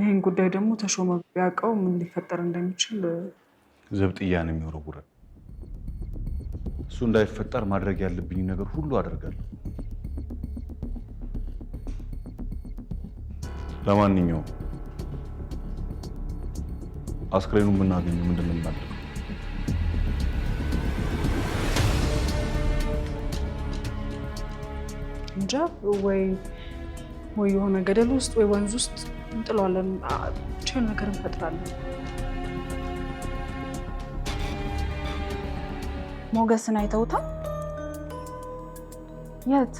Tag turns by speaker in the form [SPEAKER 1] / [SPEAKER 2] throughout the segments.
[SPEAKER 1] ይህን ጉዳይ ደግሞ ተሾመ ቢያውቀው ምን ሊፈጠር እንደሚችል
[SPEAKER 2] ዘብጥያ ነው የሚወረውረን። እሱ እንዳይፈጠር ማድረግ ያለብኝ ነገር ሁሉ አደርጋለሁ። ለማንኛውም አስክሬኑን ብናገኘው ምንድን ነው የምናደርገው?
[SPEAKER 1] እንጃ ወይ ወይ የሆነ ገደል ውስጥ ወይ ወንዝ ውስጥ እንጥለዋለን፣ ብቻ የሆነ ነገር እንፈጥራለን። ሞገስን አይተውታል? የት?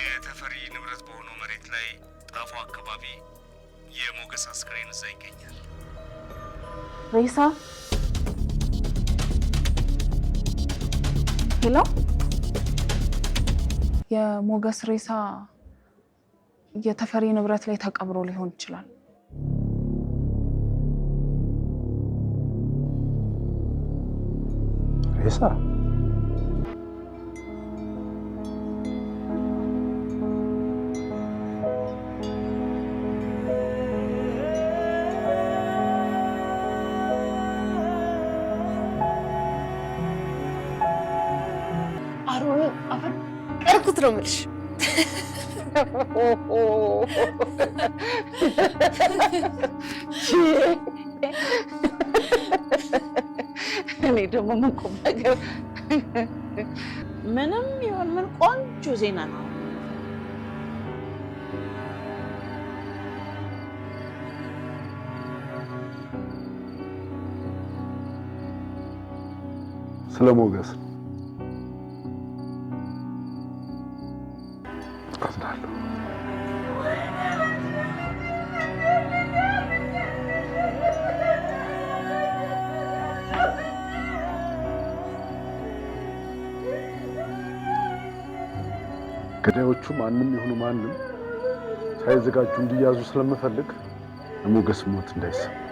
[SPEAKER 3] የተፈሪ ንብረት በሆነው መሬት ላይ ጣፎ አካባቢ የሞገስ አስክሬን እዛ ይገኛል።
[SPEAKER 1] ሬሳ ሄሎ፣ የሞገስ ሬሳ የተፈሪ ንብረት ላይ ተቀብሮ ሊሆን ይችላል። ሬሳ አሮን አፈር ቀርኩት ነው የምልሽ።
[SPEAKER 4] እኔ ደግሞ ምን ቁም ነገር
[SPEAKER 5] ምንም ይሁን ምን ቆንጆ ዜና ነው።
[SPEAKER 2] ስለ ሞገስ ነው አባዝናለሁ። ገዳዮቹ ማንም ይሁኑ ማንም ሳይዘጋጁ እንዲያዙ ስለምፈልግ ለሞገስ ሞት እንዳይሰማ